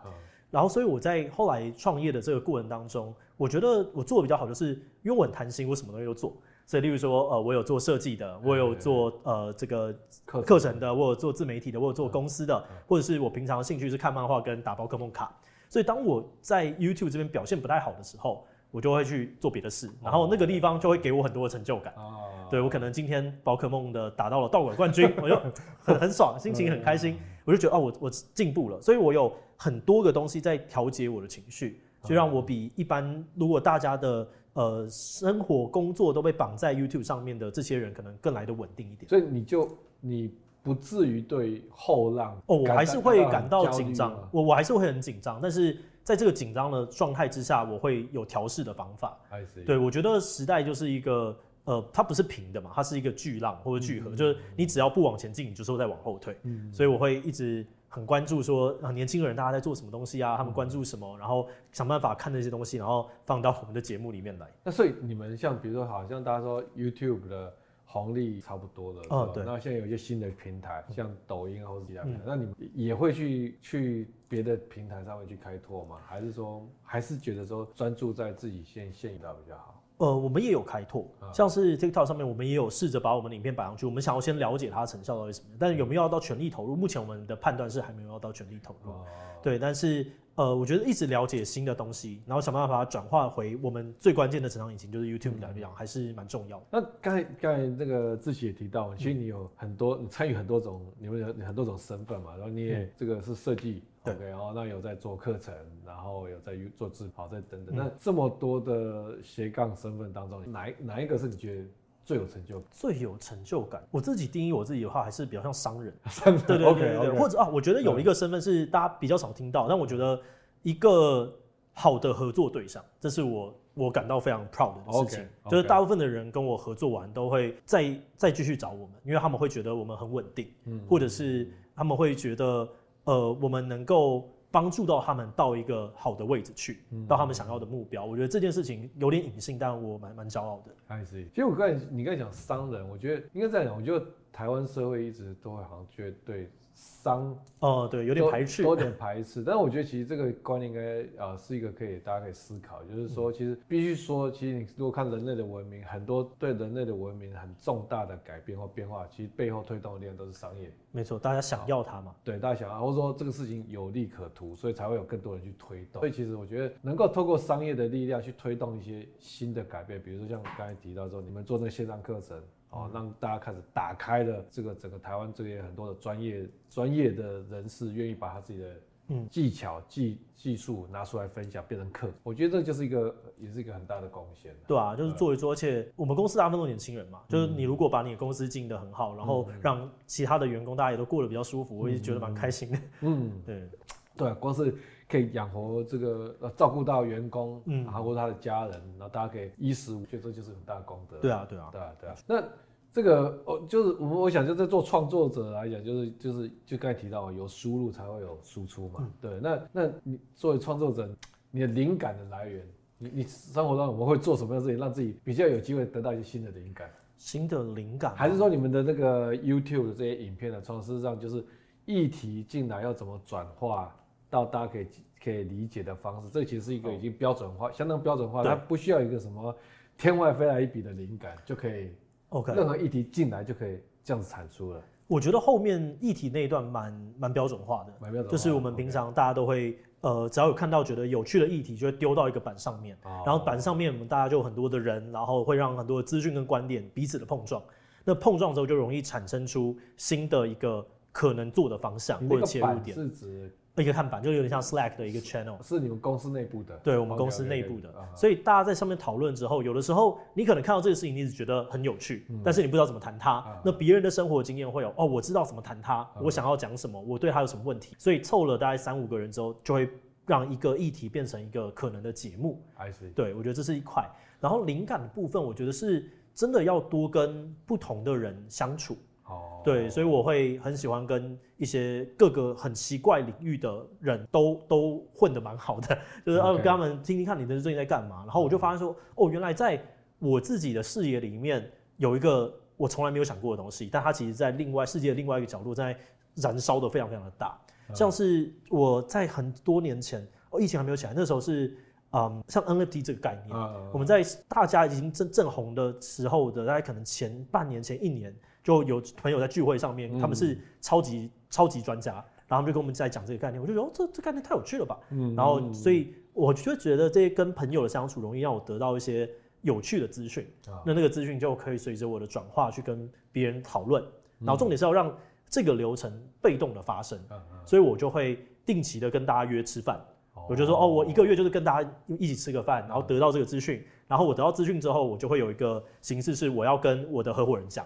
然後所以我在後來創業的這個過程當中，我覺得我做的比較好就是我很貪心，我什麼東西都做。所以例如說，呃，我有做設計的，我有做呃這個課課程的，我有做自媒體的，我有做公司的，或者是我平常興趣是看漫畫跟打寶可夢卡。所以當我在 YouTube 這邊表現不太好的時候，我就會去做別的事，然後那個地方就會給我很多的成就感。哦，對，我可能今天寶可夢的打到了道館冠軍，我就很很爽，心情很開心，我就覺得哦，我我進步了。所以我有很多個東西在調節我的情緒，就讓我比一般如果大家的呃生活工作都被綁在 YouTube 上面的這些人，可能更來得穩定一點。所以你就你。不至於。對，後浪哦，oh, 我還是會感到緊張，我我還是會很緊張。但是在這個緊張的狀態之下，我會有調適的方法。對，我覺得時代就是一個呃，它不是平的嘛，它是一個巨浪或者聚合，就是你只要不往前進，你就是在往後退、嗯。所以我會一直很關注說，啊、年輕人大家在做什麼東西啊？他們關注什麼、嗯？然後想辦法看那些東西，然後放到我們的節目裡面來。那所以你們像比如說，好像大家說 YouTube 的。紅利差不多的。哦、啊、對，那現在，有一些新的平台，像抖音或者其他平台，嗯、那你們也會去去別的平台上面去開拓嗎？還是說，還是覺得說專注在自己先現有的比較好？呃，我們也有開拓，啊、像是 TikTok 上面，我們也有試着把我們影片擺上去，我們想要先了解它的成效到底什麼，但是有沒有要到全力投入？目前我們的判斷是還沒有要到全力投入、啊，對，但是。呃，我覺得一直了解新的東西，然後想辦法把它轉化回我們最關鍵的成長引擎，就是 YouTube 來講、嗯，還是蠻重要。那剛才剛才那個志祺也提到，其實你有很多，你參與很多種，你們有很多種身份嘛，然後你也這個是設計、嗯 OK，對，然後那有在做課程，然後有在做自跑，在等等。嗯、那這麼多的斜槓身份當中，哪哪一個是你覺得？最有成就，最有成就感。我自己定義我自己的話，還是比較像商人。對對對對，對，或者啊，我覺得有一個身份是大家比較少聽到，但我覺得一個好的合作對象，這是我我感到非常 proud 的事情。就是大部分的人跟我合作完，都會再再繼續找我們，因為他們會覺得我們很穩定，或者是他們會覺得呃，我們能夠。幫助到他們到一個好的位置去，到他們想要的目標。我覺得這件事情有點隱性，但我蠻蠻驕傲的。I see. 其實我剛才你剛才講商人，我覺得應該這樣講。我覺得台灣社會一直都會好像絕對。商，哦，對，有點排斥，多點排斥。但是我覺得其實這個觀念應該啊是一個可以大家可以思考，就是說其實必須說，其實你如果看人類的文明，很多對人類的文明很重大的改變或變化，其實背後推動的力量都是商業。沒錯，大家想要它嘛。對，大家想要，或者說這個事情有利可圖，所以才會有更多人去推動。所以其實我覺得能夠透過商業的力量去推動一些新的改變，比如說像我剛才提到說你們做那個線上課程。哦，讓大家開始打開了這個整個台灣這邊很多的專業專業的人士，願意把他自己的嗯技巧技技術拿出來分享，變成課。我覺得這就是一個，也是一個很大的貢獻。對啊，就是做一做，而且我們公司大部分都年輕人嘛、嗯，就是你如果把你的公司經營的很好，然後讓其他的員工大家也都過得比較舒服，嗯、我也覺得蠻開心的。嗯，對，對、啊，光是。可以養活這個呃照顧到員工，嗯，養活他的家人，然後大家可以衣食無缺，覺得這就是很大的功德。對啊，對啊，對啊，對啊。那這個我就是我我想就在做創作者來講，就是就是就剛才提到有輸入才會有輸出嘛、嗯。對，那那你作為創作者，你的靈感的來源，你你生活中我們會做什麼樣的事情讓自己比較有機會得到一些新的靈感？新的靈感、啊，還是說你們的那個 YouTube 的這些影片的創作上，就是議題進來要怎麼轉化？到大家可以可以理解的方式。這其實是一個已經標準化、oh. 相當標準化，它不需要一個什麼天外飛來一筆的靈感就可以。OK，任何議題進來就可以這樣子產出了。我覺得後面議題那一段蠻蠻標準化的，蠻標準化，就是我們平常大家都會，okay. 呃，只要有看到覺得有趣的議題，就會丟到一個板上面，oh. 然後板上面我們大家就有很多的人，然後會讓很多的資訊跟觀點彼此的碰撞，那碰撞之後就容易產生出新的一個可能做的方向或者切入點。一個看板就有點像 Slack 的一個 channel，是你們公司內部的，對，我們公司內部的，okay, okay. Uh -huh. 所以大家在上面討論之後，有的時候你可能看到這個事情，你只覺得很有趣，嗯，但是你不知道怎麼談它。Uh -huh. 那別人的生活經驗會有哦，我知道怎麼談它，uh -huh. 我想要講什麼，我對它有什麼問題，uh -huh. 所以湊了大概三五個人之後，就會讓一個議題變成一個可能的節目。對，我覺得這是一塊。然後靈感的部分，我覺得是真的要多跟不同的人相處。哦、oh, okay.，對，所以我會很喜歡跟一些各個很奇怪領域的人都都混得蠻好的，就是啊，跟他們聽聽看你們最近在幹嘛，okay. 然後我就發現說，哦，原來在我自己的視野裡面有一個我從來沒有想過的東西，但它其實在另外世界的另外一個角落在燃燒的非常非常的大，oh, okay. 像是我在很多年前，哦，疫情還沒有起來，那時候是嗯，像 NFT 這個概念，oh, okay. 我們在大家已經正正紅的時候的，大概可能前半年前一年。就有朋友在聚會上面，嗯、他們是超級、嗯、超級專家，然後就跟我們在講這個概念，我就覺得哦、喔，這這概念太有趣了吧、嗯。然後所以我就覺得這些跟朋友的相處容易讓我得到一些有趣的資訊、嗯，那那個資訊就可以隨着我的轉化去跟別人討論、嗯。然後重點是要讓這個流程被動的發生，嗯嗯、所以我就會定期的跟大家約吃飯、哦。我就說哦、喔，我一個月就是跟大家一起吃個飯，然後得到這個資訊、嗯，然後我得到資訊之後，我就會有一個形式是我要跟我的合夥人講。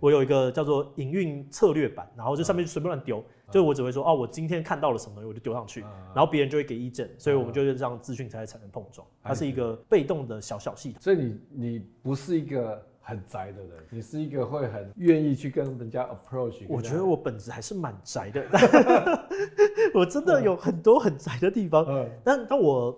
我有一個叫做營運策略版，然後這上面就隨便亂丟、嗯，就我只會說哦、啊，我今天看到了什麼我就丟上去，嗯、然後別人就會給意見，所以我們就是這樣資訊才會產生碰撞。它是一個被動的小小系統。所以你你不是一個很宅的人，你是一個會很願意去跟人家 approach。我覺得我本質還是蠻宅的， 我真的有很多很宅的地方，嗯、但但我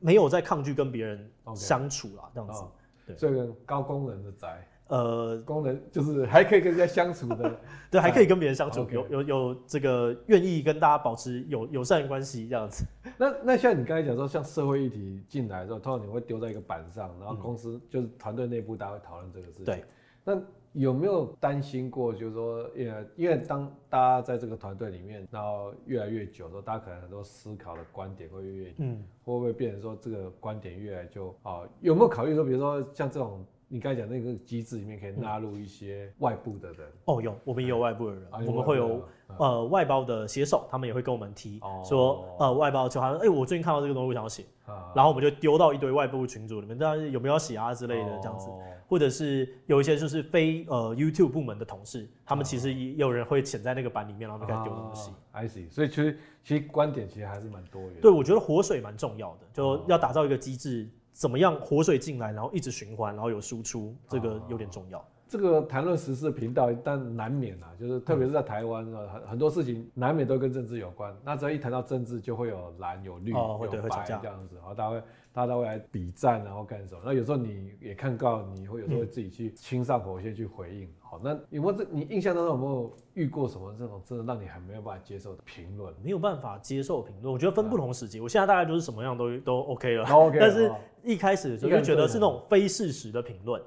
沒有在抗拒跟別人相處啦，okay. 這樣子、oh, 對，所以高功能的宅。呃，功能就是還可以跟人家相處的 對，對、啊，還可以跟別人相處，okay、有有有這個願意跟大家保持友友善關係這樣子。那那像你剛才講說，像社會議題進來的時候，通常你會丟在一個板上，然後公司、嗯、就是團隊內部大家會討論這個事情。對，那有沒有擔心過，就是說，呃，因為當大家在這個團隊裡面，然後越來越久，的時候，大家可能很多思考的觀點會越、越久嗯，會不會變成說這個觀點越來就好、啊，有沒有考慮說，比如說像這種。你剛才講那個機制裡面可以納入一些外部的人、嗯、哦，有我們也有外部的人，啊、我們會有、啊、呃外包的寫手，他們也會跟我們提、哦、說呃外包就他說哎、欸，我最近看到這個東西，我想要寫、啊，然後我們就丟到一堆外部群組裡面，但是有沒有寫啊之類的這樣子、哦，或者是有一些就是非呃 YouTube 部門的同事，他們其實也有人會潛在那個版裡面，然後他丟東西、啊。I see，所以其實其實觀點其實還是蠻多元的。對，我覺得活水蠻重要的，就要打造一個機制。怎麼樣活水進來，然後一直循環，然後有輸出，這個有點重要。啊。啊啊啊啊這個談論時事的頻道，但難免啊，就是特別是在台灣啊，很、嗯、很多事情難免都跟政治有關。那只要一談到政治，就會有藍有綠，哦，會對，有白這樣子，然後大家大家會，大家都會來筆戰，然後幹什麼？那有時候你也看到，你會有時候會自己去親上火線、嗯、去回應。好，那有沒有這？你印象當中有沒有遇過什麼這種真的讓你很沒有辦法接受的評論？沒有辦法接受評論，我覺得分不同時期、啊，我現在大概就是什麼樣都都 OK 了。OK。但是一開始我就覺得是那種非事實的評論。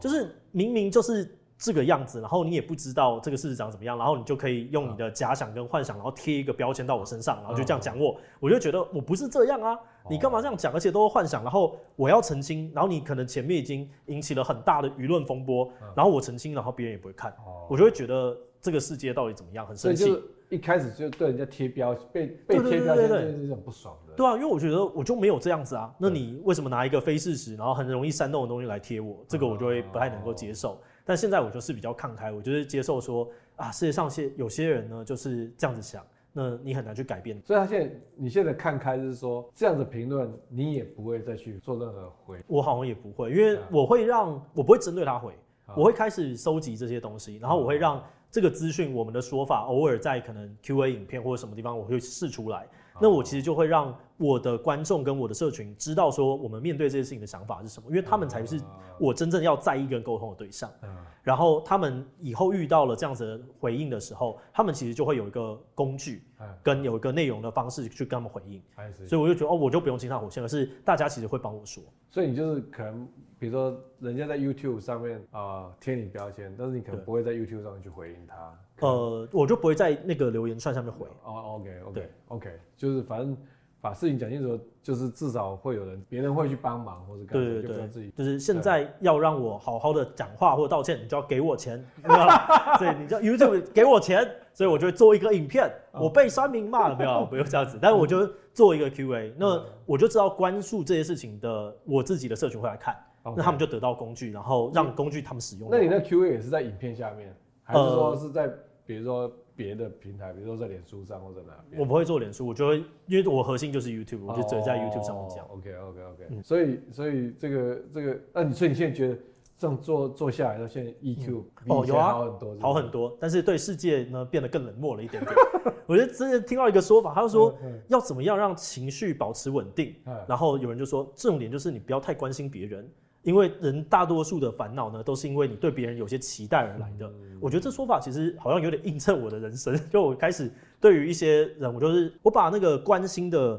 就是明明就是這個樣子，然後你也不知道這個事實長怎麼樣，然後你就可以用你的假想跟幻想，然後貼一個標籤到我身上，然後就這樣講我，我就覺得我不是這樣啊，你幹嘛這樣講？而且都是幻想，然後我要澄清，然後你可能前面已經引起了很大的輿論風波，然後我澄清，然後別人也不會看，我就會覺得。這個世界到底怎麼樣？很生氣，一開始就對人家貼標，被被貼標籤，這是很不爽的。對對對對對對。對啊，因為我覺得我就沒有這樣子啊，那你為什麼拿一個非事實，然後很容易煽動的東西來貼我？這個我就會不太能夠接受、哦。但現在我就是比較看開，我就是接受說啊，世界上些有些人呢就是這樣子想，那你很難去改變。所以，他現在你現在看開，就是說這樣子評論，你也不會再去做任何回。我好像也不會，因為我會讓我不會針對他回、哦，我會開始收集這些東西，然後我會讓。哦這個資訊，我們的說法偶爾在可能 QA 影片、或者什麼地方，我會釋出來。哦、那我其實就會讓我的觀眾跟我的社群知道說，我們面對這些事情的想法是什麼，因為他們才是我真正要在意跟溝通的對象，嗯嗯。然後他們以後遇到了這樣子的回應的時候，他們其實就會有一個工具，跟有一個內容的方式去跟他們回應。嗯嗯嗯嗯，所以我就覺得哦，我就不用親上火線了，而是大家其實會幫我說。所以你就是可能，比如說人家在 YouTube 上面啊貼你標籤，但是你可能不會在 YouTube 上面去回應他。Okay. 呃，我就不會在那個留言串上面回。哦、oh,，OK，OK，OK，、okay, okay, okay. 就是反正把事情講清楚，就是至少會有人，別人會去幫忙或者。對對對，對就，就是現在要讓我好好的講話或道歉，你就要給我錢，對 吧？所以你就因為 YouTube 給我錢，所以我就會做一個影片，oh. 我被酸民罵了，沒 有不，不用這樣子，但是我就做一個 QA，那我就知道關注這些事情的我自己的社群會來看，okay. 那他們就得到工具，然後讓工具他們使用的。那你那 QA 也是在影片下面，還是說是在？比如說別的平台，比如說在臉書上或者在哪，我不會做臉書，我就會，因為我核心就是 YouTube，我就只能在 YouTube 上面講。Oh, OK OK OK，、嗯、所以所以這個這個，那、啊、所以你現在覺得這樣做做下來，現在 EQ 明、嗯、顯好很多是是、哦啊，好很多。但是對世界呢，變得更冷漠了一點點。 我覺得真的聽到一個說法，他就說、嗯嗯、要怎麼樣讓情緒保持穩定、嗯，然後有人就說重點就是你不要太關心別人。因為人大多數的煩惱呢，都是因為你對別人有些期待而來的。我覺得這說法其實好像有點映襯我的人生，就我開始對於一些人，我就是我把那個關心的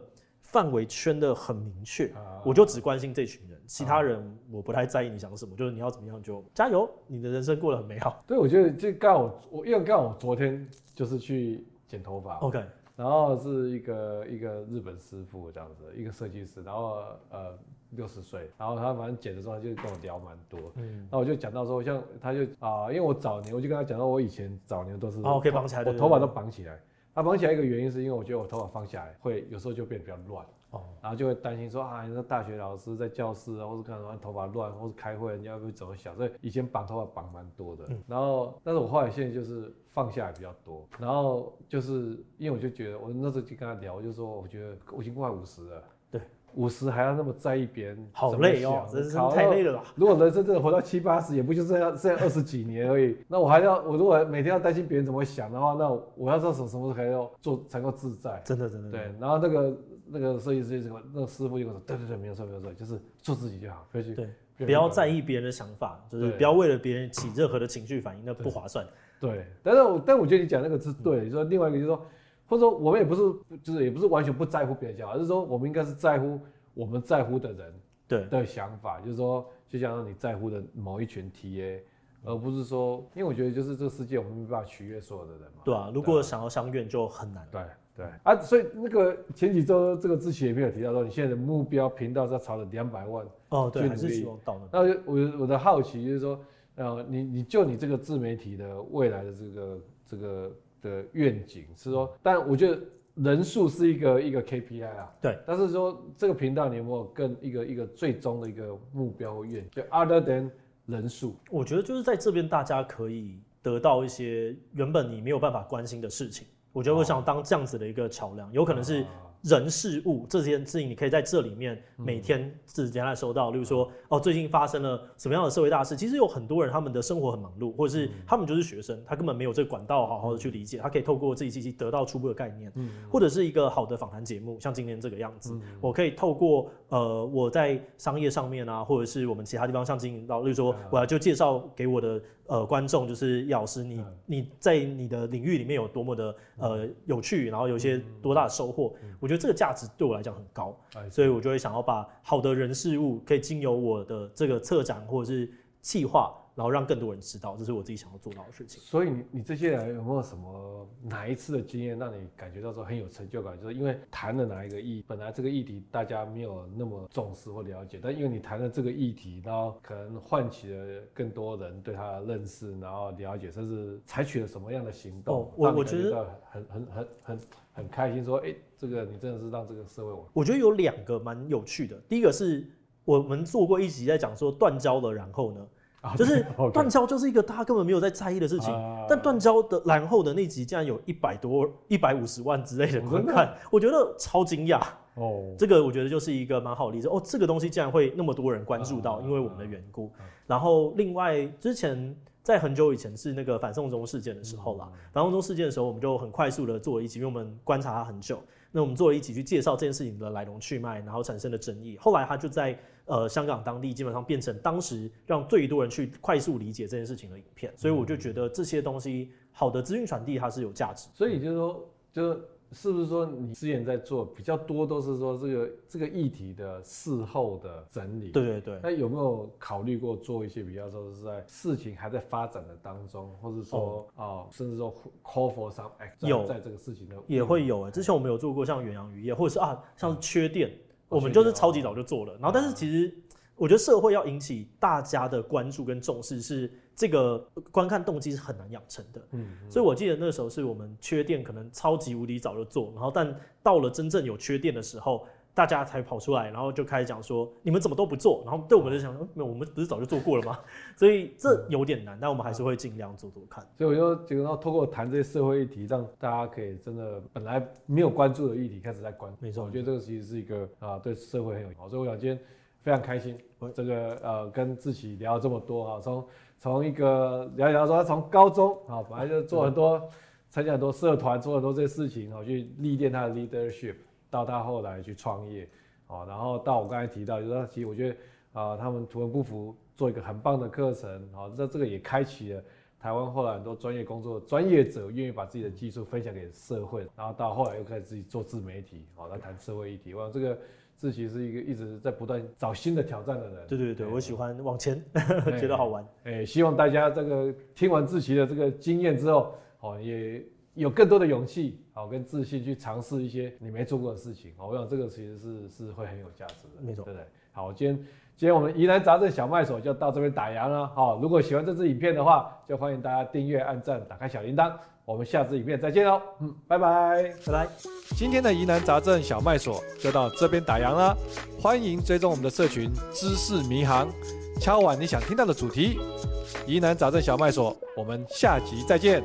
範圍圈得很明確，我就只關心這群人，其他人我不太在意你想什麼，就是你要怎麼樣就加油，你的人生過得很美好。對，我覺得就剛好，我因為剛好我好昨天就是去剪頭髮，OK，然後是一個一個日本師傅這樣子，一個設計師，然後呃。六十歲，然後他反正剪的時候，他就跟我聊蠻多、嗯。然後我就講到說，像他就啊、呃，因為我早年我就跟他講到，我以前早年都是哦，可以綁起來我我頭髮都綁起來。他綁、啊、起來一個原因是因為我覺得我頭髮放下來會有時候就變得比較亂哦，然後就會擔心說啊，那大學老師在教室啊，或是幹什麼頭髮亂，或是開會人家會怎麼想？所以以前綁頭髮綁蠻多的、嗯。然後，但是我後來現在就是放下來比較多。然後就是因為我就覺得，我那時候就跟他聊，我就說我覺得我已經快五十了。五十還要那麼在意別人。好累哦，這是真的太累了吧！如果人生真的活到七八十，也不就是剩下二十幾年而已。 那我還要，我如果每天要擔心別人怎麼想的話，那我要做什什麼時候還要做才夠自在？真的真的對。然後那個那個設計師那個師傅就說：對對對，沒有錯沒有錯就是做自己就好。對就不要在意別人的想法，就是不要為了別人起任何的情緒反應，那不划算對。對，但是但我覺得你講那個是對、嗯，你說另外一個就是說。或者說我們也不是，就是也不是完全不在乎別人想法，而是說我們應該是在乎我們在乎的人對的想法，就是說，就像你在乎的某一群 T A，而不是說，因為我覺得就是這個世界我們沒辦法取悅所有的人嘛。對啊，如果、啊、想要商院就很難。對對啊，所以那個前幾周這個之前也沒有提到說，你現在的目標頻道是要朝着兩百萬哦，對，去努力，還是希望到。那我我的好奇就是說，呃，你你就你這個自媒體的未來的這個這個。的願景是說，但我覺得人數是一個一個 KPI 啊。對，但是說這個頻道你有沒有更一個一個最終的一個目標願景？Other than 人數，我覺得就是在這邊大家可以得到一些原本你沒有辦法關心的事情。我覺得我想當這樣子的一個橋樑，有可能是、哦。嗯人事物這件事情，你可以在這裡面每天自己來收到、嗯。例如說，哦，最近發生了什麼樣的社會大事？其實有很多人他們的生活很忙碌，或者是他們就是學生，他根本沒有這個管道好好的去理解。他可以透過自己信息得到初步的概念，或者是一個好的訪談節目，像今天這個樣子，嗯、我可以透過呃我在商業上面啊，或者是我們其他地方像經營，到例如說，我要就介紹給我的。呃，觀眾就是葉老師你，你你在你的領域裡面有多麼的呃有趣，然後有些多大的收穫，我覺得這個價值對我來講很高，所以我就會想要把好的人事物可以經由我的這個策展或者是企劃，然後讓更多人知道，這是我自己想要做到的事情。所以你你這些人有沒有什麼哪一次的經驗讓你感覺到說很有成就感？就是因為談了哪一個議，本來這個議題大家沒有那麼重視或了解，但因為你談了這個議題，然後可能喚起了更多人對他的認識，然後了解，甚至採取了什麼樣的行動，哦，我，讓你覺得很很很很很開心說。說哎，這個你真的是讓這個社會。我我覺得有兩個蠻有趣的。第一個是我們做過一集在講說斷交了，然後呢？就是斷交就是一個大家根本沒有在在意的事情，但斷交的然後的那集竟然有一百多、一百五十萬之類的觀看，我覺得超驚訝哦。這個我覺得就是一個蠻好的例子哦。這個東西竟然會那麼多人關注到，因為我們的緣故。然後另外之前在很久以前是那個反送中事件的時候啦，反送中事件的時候我們就很快速的做了一集，因為我們觀察他很久。那我們做了一集去介紹這件事情的來龍去脈，然後產生的爭議。後來他就在。呃，香港當地基本上變成當時讓最多人去快速理解這件事情的影片，所以我就覺得這些東西好的資訊傳遞它是有價值，嗯。所以就是說，嗯、就是是不是說你之前在做比較多都是說這個這個議題的事後的整理？對對對。那有沒有考慮過做一些比較說是在事情還在發展的當中，或者說啊、嗯呃，甚至說 call for some action 有，在這個事情的也會有、欸。哎，之前我們有做過像遠洋漁業，或者是啊，像是缺電。嗯嗯我們就是超級早就做了，然後但是其實我覺得社會要引起大家的關注跟重視，是這個觀看動機是很難養成的。嗯，所以我記得那時候是我們缺電，可能超級無敵早就做，然後但到了真正有缺電的時候。大家才跑出來，然後就開始講說，你們怎麼都不做？然後對我們來講，那我們不是早就做過了嗎？所以這有點難，但我們還是會盡量做做看、嗯。嗯嗯、所以我就覺得，通過談這些社會議題，讓大家可以真的本來沒有關注的議題開始在關注。沒錯，我覺得這個其實是一個啊，對社會很有好。所以我想今天非常開心，這個呃跟志祺聊了這麼多哈，從從一個聊一聊說從高中啊，本來就做很多參加很多社團，做很多這些事情然、啊、後去歷練他的 leadership。到他後來去創業，哦，然後到我剛才提到，就說，其實我覺得啊、呃，他們圖文不符，做一個很棒的課程，好、哦，那這個也開啟了台灣後來很多專業工作、專業者願意把自己的技術分享給社會，然後到後來又開始自己做自媒體，哦，來談社會議題。我這個志祺是一個一直在不斷找新的挑戰的人。對對對，對我喜歡往前，欸、 覺得好玩。誒、欸欸，希望大家這個聽完志祺的這個經驗之後，哦，也。有更多的勇氣，好、哦、跟自信去嘗試一些你沒做過的事情，哦、我想這個其實是是會很有價值的，沒錯，對不對？好，今天今天我們疑難雜症小賣所就到這邊打烊了，好、哦，如果喜歡這支影片的話，就歡迎大家訂閱、按讚、打開小鈴鐺，我們下支影片再見哦，嗯，拜拜，拜拜。今天的疑難雜症小賣所就到這邊打烊了，歡迎追蹤我們的社群知識迷航，敲碗你想聽到的主題，疑難雜症小賣所，我們下集再見。